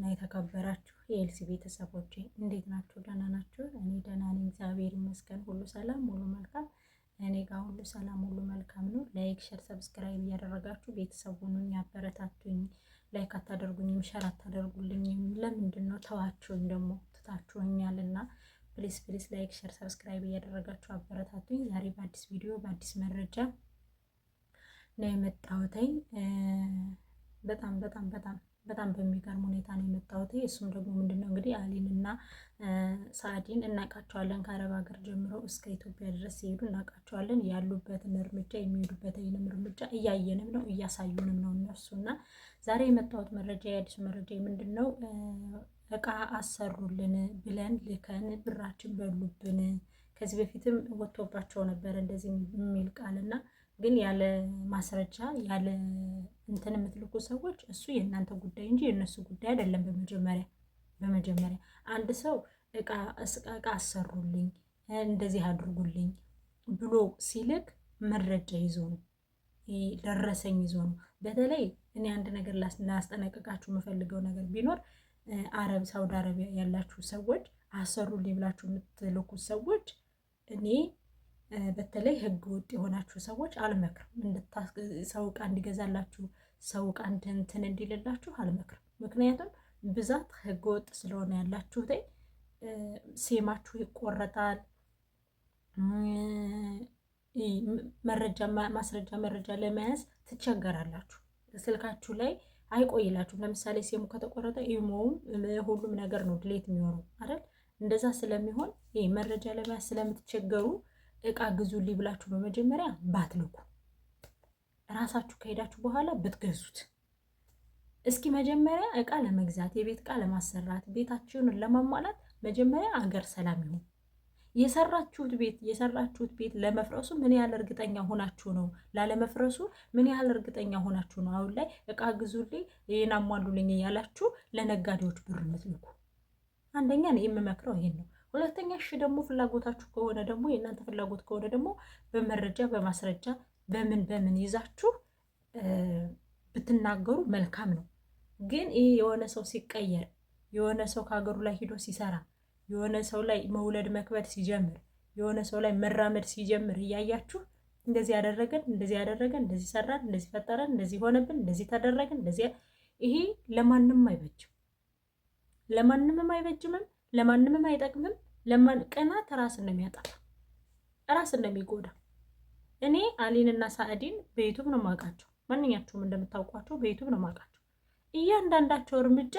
እና የተከበራችሁ የኤልሲ ቤተሰቦቼ እንዴት ናችሁ? ደህና ናችሁ? እኔ ደህና ነኝ፣ እግዚአብሔር ይመስገን። ሁሉ ሰላም፣ ሁሉ መልካም። እኔ ጋር ሁሉ ሰላም፣ ሁሉ መልካም ነው። ላይክ፣ ሸር፣ ሰብስክራይብ እያደረጋችሁ ቤተሰቡን ያበረታቱኝ። ላይክ አታደርጉኝም፣ ሸር አታደርጉልኝም። ለምንድን ነው ተዋችሁኝ፣ ደግሞ ትታችሁኛል እና ፕሊስ ፕሊስ ላይክ ሸር ሰብስክራይብ እያደረጋችሁ አበረታቱኝ። ዛሬ በአዲስ ቪዲዮ በአዲስ መረጃ ነው የመጣሁት። በጣም በጣም በጣም በጣም በሚገርም ሁኔታ ነው የመጣሁት። እሱም ደግሞ ምንድነው እንግዲህ አሊን እና ሳዲን እናውቃቸዋለን። ከአረብ ሀገር ጀምሮ እስከ ኢትዮጵያ ድረስ ሲሄዱ እናውቃቸዋለን። ያሉበትን እርምጃ የሚሄዱበትንም እርምጃ እያየንም ነው እያሳዩንም ነው እነሱና ዛሬ የመጣሁት መረጃ የአዲሱ መረጃ ምንድን ነው እቃ አሰሩልን ብለን ልከን ብራችን በሉብን። ከዚህ በፊትም ወጥቶባቸው ነበር እንደዚህ የሚል ቃልና ግን ያለ ማስረጃ ያለ እንትን የምትልኩ ሰዎች እሱ የእናንተ ጉዳይ እንጂ የእነሱ ጉዳይ አይደለም። በመጀመሪያ በመጀመሪያ አንድ ሰው እቃ እቃ አሰሩልኝ እንደዚህ አድርጉልኝ ብሎ ሲልክ መረጃ ይዞ ነው፣ ደረሰኝ ይዞ ነው። በተለይ እኔ አንድ ነገር ላስጠነቅቃችሁ የምፈልገው ነገር ቢኖር አረብ ሳውዲ አረቢያ ያላችሁ ሰዎች አሰሩልኝ ብላችሁ የምትልኩት ሰዎች እኔ በተለይ ህገ ወጥ የሆናችሁ ሰዎች አልመክርም። ሰው ዕቃ እንዲገዛላችሁ ሰው ዕቃ እንትን እንዲልላችሁ አልመክርም። ምክንያቱም ብዛት ህገ ወጥ ስለሆነ ያላችሁት ሴማችሁ ይቆረጣል። መረጃ ማስረጃ መረጃ ለመያዝ ትቸገራላችሁ። ስልካችሁ ላይ አይቆይላችሁም። ለምሳሌ ሴሙ ከተቆረጠ ኢሞውም ሁሉም ነገር ነው ድሌት የሚሆኑ አይደል? እንደዛ ስለሚሆን መረጃ ለመያዝ ስለምትቸገሩ እቃ ግዙልኝ ብላችሁ በመጀመሪያ ባትልኩ እራሳችሁ ከሄዳችሁ በኋላ ብትገዙት። እስኪ መጀመሪያ እቃ ለመግዛት የቤት እቃ ለማሰራት ቤታችሁን ለማሟላት መጀመሪያ አገር ሰላም ይሁን። የሰራችሁት ቤት የሰራችሁት ቤት ለመፍረሱ ምን ያህል እርግጠኛ ሆናችሁ ነው? ላለመፍረሱ ምን ያህል እርግጠኛ ሆናችሁ ነው? አሁን ላይ እቃ ግዙልኝ፣ ይህን አሟሉልኝ እያላችሁ ለነጋዴዎች ብር ምትልኩ። አንደኛ ነው የምመክረው ይሄን ነው። ሁለተኛ እሺ ደግሞ ፍላጎታችሁ ከሆነ ደግሞ የእናንተ ፍላጎት ከሆነ ደግሞ በመረጃ በማስረጃ በምን በምን ይዛችሁ ብትናገሩ መልካም ነው። ግን ይሄ የሆነ ሰው ሲቀየር የሆነ ሰው ከሀገሩ ላይ ሂዶ ሲሰራ የሆነ ሰው ላይ መውለድ መክበድ ሲጀምር የሆነ ሰው ላይ መራመድ ሲጀምር እያያችሁ እንደዚህ ያደረገን እንደዚህ ያደረገን እንደዚህ ሰራን እንደዚህ ፈጠረን እንደዚህ ሆነብን እንደዚህ ተደረገን እንደዚህ ይሄ ለማንም አይበጅም፣ ለማንምም አይበጅምም። ለማንምም አይጠቅምም። ለማን ቅናት ራስን ነው የሚያጠፋ፣ ራስን ነው የሚጎዳ። እኔ አሊንና ሳዕዲን በዩቱብ ነው ማውቃቸው። ማንኛችሁም እንደምታውቋቸው በዩቱብ ነው ማውቃቸው። እያንዳንዳቸው እርምጃ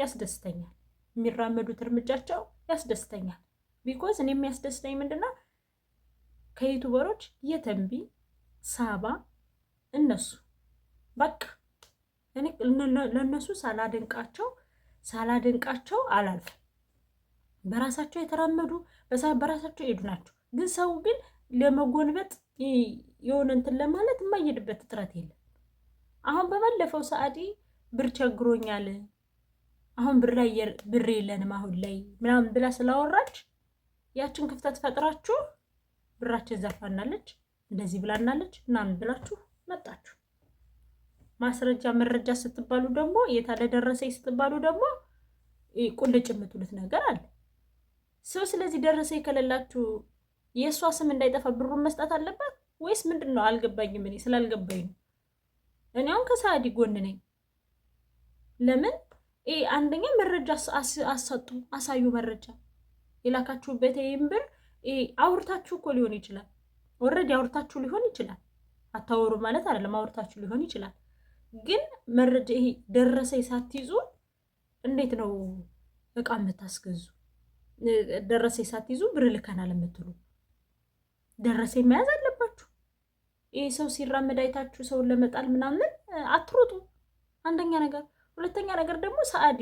ያስደስተኛል፣ የሚራመዱት እርምጃቸው ያስደስተኛል። ቢኮዝ እኔ የሚያስደስተኝ ምንድና ከዩቱበሮች የተንቢ ሳባ እነሱ በቃ ለእነሱ ሳላደንቃቸው ሳላደንቃቸው አላልፍም። በራሳቸው የተራመዱ በራሳቸው የሄዱ ናቸው። ግን ሰው ግን ለመጎንበጥ የሆነ እንትን ለማለት የማይሄድበት እጥረት የለም። አሁን በባለፈው ሰዓዲ ብር ቸግሮኛል፣ አሁን ብር የለንም አሁን ላይ ምናምን ብላ ስላወራች ያችን ክፍተት ፈጥራችሁ ብራችን ዘርፋናለች፣ እንደዚህ ብላናለች ምናምን ብላችሁ መጣችሁ። ማስረጃ መረጃ ስትባሉ ደግሞ የታለ ደረሰኝ ስትባሉ ደግሞ ቁልጭ የምትሉት ነገር አለ። ሰው ስለዚህ ደረሰ የከለላችሁ የእሷ ስም እንዳይጠፋ ብሩን መስጠት አለባት ወይስ ምንድን ነው? አልገባኝም። እኔ ስላልገባኝ ነው። እኔ አሁን ጎን ነኝ። ለምን አንደኛ መረጃ አሰጡ፣ አሳዩ። መረጃ የላካችሁበት ይህም ብር አውርታችሁ እኮ ሊሆን ይችላል። ወረድ አውርታችሁ ሊሆን ይችላል። አታወሩ ማለት አይደለም፣ አውርታችሁ ሊሆን ይችላል። ግን መረጃ ይሄ ደረሰኝ ሳትይዙ እንዴት ነው እቃ የምታስገዙ? ደረሰኝ ሳትይዙ ብር ልከናል የምትሉ ደረሰኝ መያዝ አለባችሁ። ይህ ሰው ሲራመድ አይታችሁ ሰውን ለመጣል ምናምን አትሮጡ። አንደኛ ነገር። ሁለተኛ ነገር ደግሞ ሰአዲ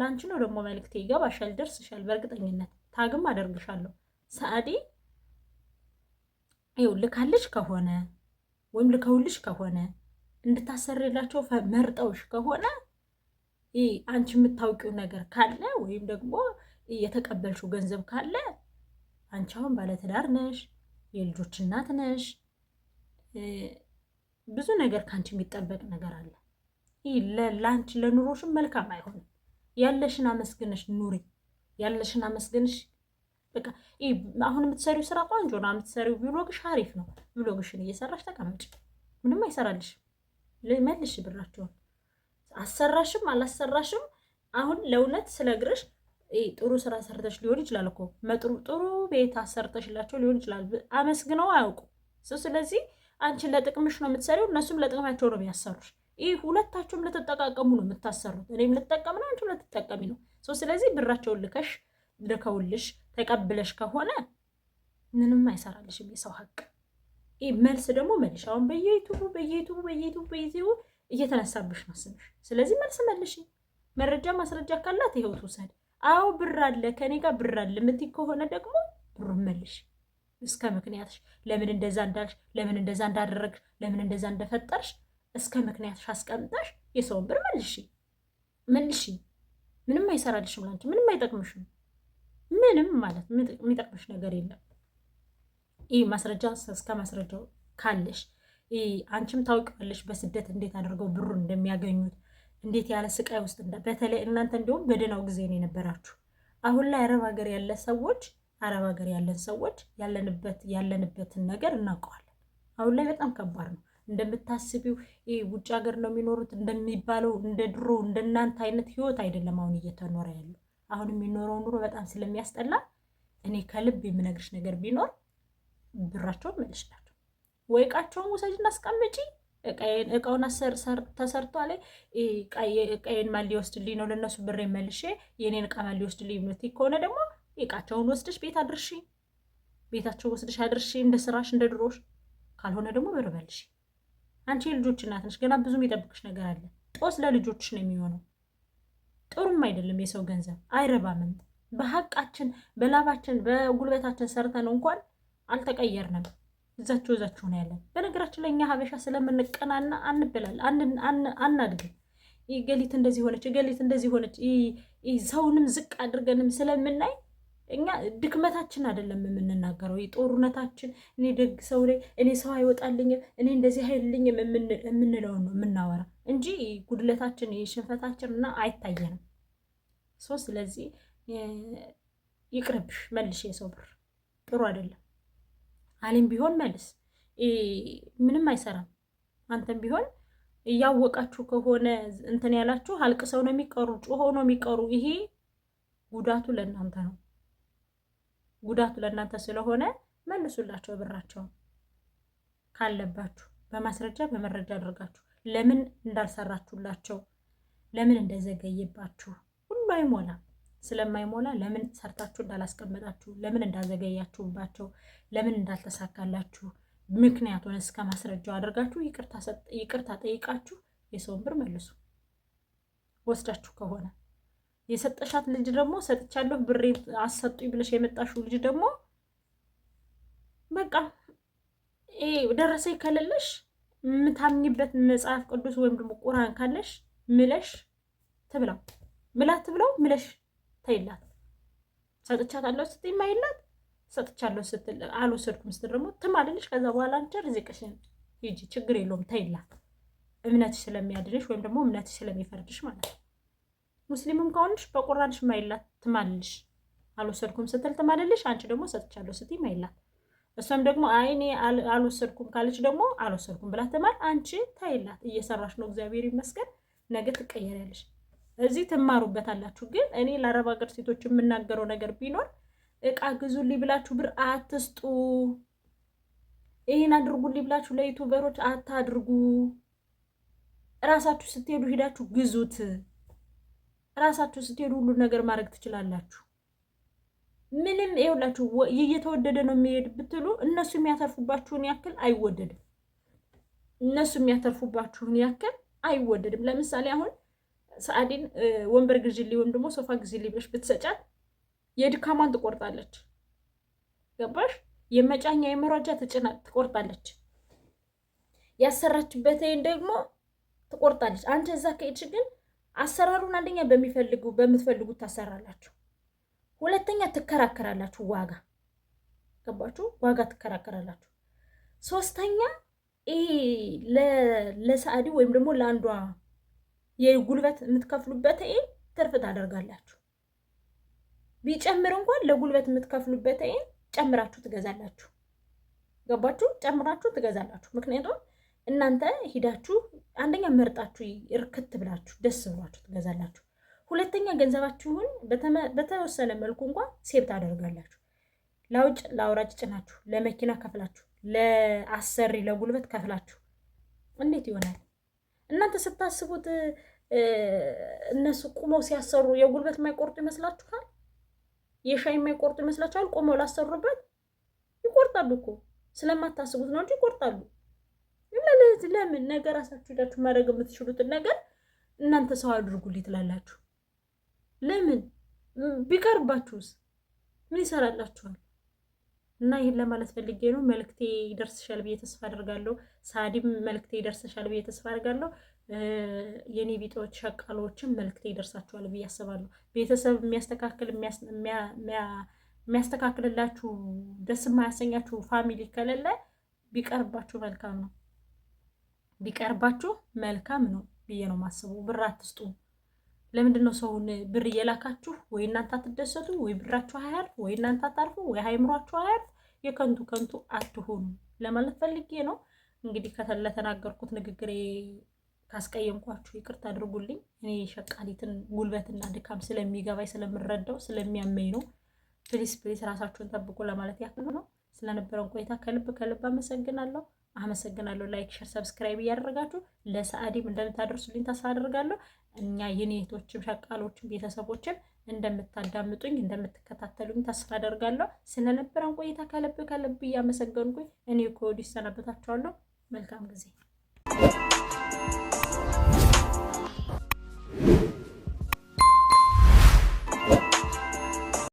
ለአንቺ ነው ደግሞ መልክቴ፣ ይገባሻል፣ ደርስሻል፣ በእርግጠኝነት ታግም አደርግሻለሁ። ሰአዲ ይው ልካልሽ ከሆነ ወይም ልከውልሽ ከሆነ እንድታሰርላቸው መርጠውሽ ከሆነ ይህ አንቺ የምታውቂው ነገር ካለ ወይም ደግሞ የተቀበልሽው ገንዘብ ካለ አንቺ አሁን ባለትዳር ነሽ፣ የልጆች እናት ነሽ። ብዙ ነገር ከአንቺ የሚጠበቅ ነገር አለ። ይህ ለአንቺ ለኑሮሽም መልካም አይሆንም። ያለሽን አመስግነሽ ኑሪ። ያለሽን አመስግነሽ በቃ አሁን የምትሰሪው ስራ ቆንጆ ነው። የምትሰሪው ብሎግሽ አሪፍ ነው። ብሎግሽን እየሰራሽ ተቀመጭ። ምንም አይሰራልሽ። መልሽ ብራቸውን አሰራሽም አላሰራሽም አሁን ለእውነት ስለግርሽ ጥሩ ስራ ሰርተሽ ሊሆን ይችላል እኮ መጥሩ ጥሩ ቤት አሰርተሽላቸው ሊሆን ይችላል። አመስግነው አያውቁ ሰው። ስለዚህ አንቺን ለጥቅምሽ ነው የምትሰሪው፣ እነሱም ለጥቅማቸው ነው የሚያሰሩሽ። ይህ ሁለታችሁም ለተጠቃቀሙ ነው የምታሰሩት። እኔም ልጠቀም ነው፣ አንቺም ለትጠቀሚ ነው ሰው። ስለዚህ ብራቸውን ልከሽ ልከውልሽ ተቀብለሽ ከሆነ ምንም አይሰራልሽም የሰው ሀቅ። ይህ መልስ ደግሞ መልሽ። አሁን በየዩቱቡ በየዩቱቡ በየዩቱቡ በየዩቱቡ እየተነሳብሽ ነው ስምሽ። ስለዚህ መልስ መልሽ። መረጃ ማስረጃ ካላት ይኸው ትውሰድ አዎ ብር አለ ከኔ ጋር ብር አለ የምትይ ከሆነ ደግሞ ብሩ መልሽ እስከ ምክንያትሽ። ለምን እንደዛ እንዳልሽ፣ ለምን እንደዛ እንዳደረግሽ፣ ለምን እንደዛ እንደፈጠርሽ እስከ ምክንያትሽ አስቀምጠሽ የሰውን ብር መልሽ መልሽ። ምንም አይሰራልሽም ላንቺ ምንም አይጠቅምሽም። ምንም ማለት የሚጠቅምሽ ነገር የለም። ይህ ማስረጃ እስከ ማስረጃው ካለሽ አንቺም ታውቂዋለሽ በስደት እንዴት አድርገው ብሩን እንደሚያገኙት እንዴት ያለ ስቃይ ውስጥ በተለይ እናንተ እንዲሁም በደህናው ጊዜ ነው የነበራችሁ። አሁን ላይ አረብ ሀገር ያለ ሰዎች አረብ ሀገር ያለን ሰዎች ያለንበት ያለንበትን ነገር እናውቀዋለን። አሁን ላይ በጣም ከባድ ነው። እንደምታስቢው ውጭ ሀገር ነው የሚኖሩት እንደሚባለው እንደ ድሮ እንደናንተ አይነት ህይወት አይደለም አሁን እየተኖረ ያለው። አሁን የሚኖረው ኑሮ በጣም ስለሚያስጠላ እኔ ከልብ የምነግርሽ ነገር ቢኖር ብራቸውን መልሽላቸው፣ ወይቃቸውን ውሰጅና አስቀምጪ። እቃውን ተሰርቷ ላይ ቀይን ማን ሊወስድልኝ ነው? ለነሱ ብሬ መልሼ የኔን እቃ ማን ሊወስድልኝ ምት ከሆነ ደግሞ እቃቸውን ወስደሽ ቤት አድርሺ፣ ቤታቸውን ወስደሽ አድርሺ፣ እንደ ስራሽ እንደ ድሮሽ። ካልሆነ ደግሞ ብር መልሺ። አንቺ የልጆች እናት ነሽ፣ ገና ብዙ የሚጠብቅሽ ነገር አለ። ጦስ ለልጆችሽ ነው የሚሆነው። ጥሩም አይደለም የሰው ገንዘብ አይረባምም። በሀቃችን በላባችን በጉልበታችን ሰርተን እንኳን አልተቀየርንም። እዛችሁ እዛችሁ ነው ያለን። በነገራችን ላይ እኛ ሀበሻ ስለምንቀናና አንበላል አናድግም። ገሊት እንደዚህ ሆነች፣ ገሊት እንደዚህ ሆነች፣ ሰውንም ዝቅ አድርገንም ስለምናይ እኛ ድክመታችን አይደለም የምንናገረው፣ ጦርነታችን። እኔ ደግ ሰው ላይ እኔ ሰው አይወጣልኝም፣ እኔ እንደዚህ አይልኝም የምንለውን ነው የምናወራ እንጂ ጉድለታችን ሽንፈታችን እና አይታየንም። ሶ ስለዚህ ይቅርብሽ፣ መልሽ የሰው ብር ጥሩ አይደለም። አሊም ቢሆን መልስ ምንም አይሰራም። አንተም ቢሆን እያወቃችሁ ከሆነ እንትን ያላችሁ አልቅሰው ነው የሚቀሩ፣ ጮሆ ነው የሚቀሩ። ይሄ ጉዳቱ ለእናንተ ነው። ጉዳቱ ለእናንተ ስለሆነ መልሱላቸው ብራቸው ካለባችሁ በማስረጃ በመረጃ አድርጋችሁ ለምን እንዳልሰራችሁላቸው፣ ለምን እንደዘገየባችሁ ሁሉ አይሞላም። ስለማይሞላ ለምን ሰርታችሁ እንዳላስቀመጣችሁ፣ ለምን እንዳዘገያችሁባቸው፣ ለምን እንዳልተሳካላችሁ ምክንያቱን እስከ ማስረጃው አድርጋችሁ ይቅርታ ጠይቃችሁ የሰውን ብር መልሱ ወስዳችሁ ከሆነ የሰጠሻት ልጅ ደግሞ ሰጥቻለሁ ብሬ አሰጡኝ ብለሽ የመጣሽው ልጅ ደግሞ በቃ ደረሰኝ ከሌለሽ የምታምኝበት መጽሐፍ ቅዱስ ወይም ደግሞ ቁራን ካለሽ ምለሽ ትብላው ምላት ትብላው ምለሽ ተይላት ሰጥቻታለሁ ስትይ ማይላት ሰጥቻለሁ ስትል አልወሰድኩም ስትል ደግሞ ትማልልሽ። ከዛ በኋላ አንቺ ርዝቅሽን ሂጂ፣ ችግር የለውም ተይላት። እምነት ስለሚያድንሽ ወይም ደግሞ እምነት ስለሚፈርድሽ ማለት ነው። ሙስሊምም ከሆንሽ በቁራንሽ ማይላት ትማልልሽ። አልወሰድኩም ስትል ትማልልሽ። አንቺ ደግሞ ሰጥቻለሁ ስትይ ማይላት። እሷም ደግሞ አይኔ እኔ አልወሰድኩም ካለች ደግሞ አልወሰድኩም ብላ ትማል። አንቺ ተይላት። እየሰራሽ ነው፣ እግዚአብሔር ይመስገን። ነገ ትቀየሪያለሽ። እዚህ ትማሩበታላችሁ። ግን እኔ ለአረብ ሀገር ሴቶች የምናገረው ነገር ቢኖር እቃ ግዙልኝ ብላችሁ ብር አትስጡ። ይህን አድርጉልኝ ብላችሁ ለዩቱበሮች አታድርጉ። እራሳችሁ ስትሄዱ ሂዳችሁ ግዙት። እራሳችሁ ስትሄዱ ሁሉን ነገር ማድረግ ትችላላችሁ። ምንም ይኸውላችሁ እየተወደደ ነው የሚሄድ ብትሉ እነሱ የሚያተርፉባችሁን ያክል አይወደድም። እነሱ የሚያተርፉባችሁን ያክል አይወደድም። ለምሳሌ አሁን ሰአዲን ወንበር ግዢልኝ ወይም ደግሞ ሶፋ ግዢልኝ ብለሽ ብትሰጫት የድካሟን ትቆርጣለች። ገባሽ? የመጫኛ የመሯጃ ትጭና ትቆርጣለች። ያሰራችበትን ደግሞ ትቆርጣለች። አንቺ እዛ ከሄድሽ ግን አሰራሩን አንደኛ በሚፈልጉ በምትፈልጉት ታሰራላችሁ፣ ሁለተኛ ትከራከራላችሁ። ዋጋ ገባችሁ? ዋጋ ትከራከራላችሁ። ሶስተኛ ይሄ ለሰአዲ ወይም ደግሞ ለአንዷ የጉልበት የምትከፍሉበት ይሄን ትርፍ ታደርጋላችሁ። ቢጨምር እንኳን ለጉልበት የምትከፍሉበት ይሄን ጨምራችሁ ትገዛላችሁ። ገባችሁ? ጨምራችሁ ትገዛላችሁ። ምክንያቱም እናንተ ሂዳችሁ አንደኛ መርጣችሁ እርክት ብላችሁ ደስ ብሏችሁ ትገዛላችሁ። ሁለተኛ ገንዘባችሁን በተወሰነ መልኩ እንኳን ሴብ ታደርጋላችሁ። ለውጭ ለአውራጭ ጭናችሁ፣ ለመኪና ከፍላችሁ፣ ለአሰሪ ለጉልበት ከፍላችሁ እንዴት ይሆናል? እናንተ ስታስቡት እነሱ ቁመው ሲያሰሩ የጉልበት የማይቆርጡ ይመስላችኋል? የሻይ የማይቆርጡ ይመስላችኋል? ቁመው ላሰሩበት ይቆርጣሉ እኮ ስለማታስቡት ነው እንጂ ይቆርጣሉ። ለምን ነገ ራሳችሁ ሄዳችሁ ማድረግ የምትችሉትን ነገር እናንተ ሰው አድርጉልኝ ትላላችሁ። ለምን ቢቀርባችሁስ ምን ይሰራላችኋል? እና ይህን ለማለት ፈልጌ ነው። መልክቴ ይደርስሻል ብዬ ተስፋ አደርጋለሁ። ሳዲም መልክቴ ይደርስሻል ብዬ ተስፋ አደርጋለሁ። የኔ ቢጦች ሸቃሎችም መልክቴ ይደርሳቸዋል ብዬ አስባለሁ። ቤተሰብ የሚያስተካክል የሚያስተካክልላችሁ ደስ የማያሰኛችሁ ፋሚሊ ከሌለ ቢቀርባችሁ መልካም ነው፣ ቢቀርባችሁ መልካም ነው ብዬ ነው ማስቡ። ብር አትስጡ። ለምንድን ነው ሰውን ብር እየላካችሁ ወይ እናንተ አትደሰቱ፣ ወይ ብራችሁ አያልፍ፣ ወይ እናንተ አታልፉ፣ ወይ ሀይምሯችሁ አያልፍ። የከንቱ ከንቱ አትሆኑ ለማለት ፈልጌ ነው። እንግዲህ ለተናገርኩት ንግግሬ ካስቀየምኳችሁ ይቅርታ አድርጉልኝ። እኔ ሸቃሊትን ጉልበትና ድካም ስለሚገባኝ ስለምረዳው ስለሚያመኝ ነው። ፕሊስ ፕሊስ ራሳችሁን ጠብቁ ለማለት ያክል ነው። ስለነበረን ቆይታ ከልብ ከልብ አመሰግናለሁ። አመሰግናለሁ። ላይክ፣ ሸር፣ ሰብስክራይብ እያደረጋችሁ ለሰአዲም እንደምታደርሱልኝ ተስፋ አደርጋለሁ። እኛ የኔቶችም ሸቃሎችም ቤተሰቦችም እንደምታዳምጡኝ እንደምትከታተሉኝ ተስፋ አደርጋለሁ። ስለነበረን ቆይታ ከልብ ከልብ እያመሰገንኩኝ እኔ ከወዲሁ ይሰናበታችኋለሁ። መልካም ጊዜ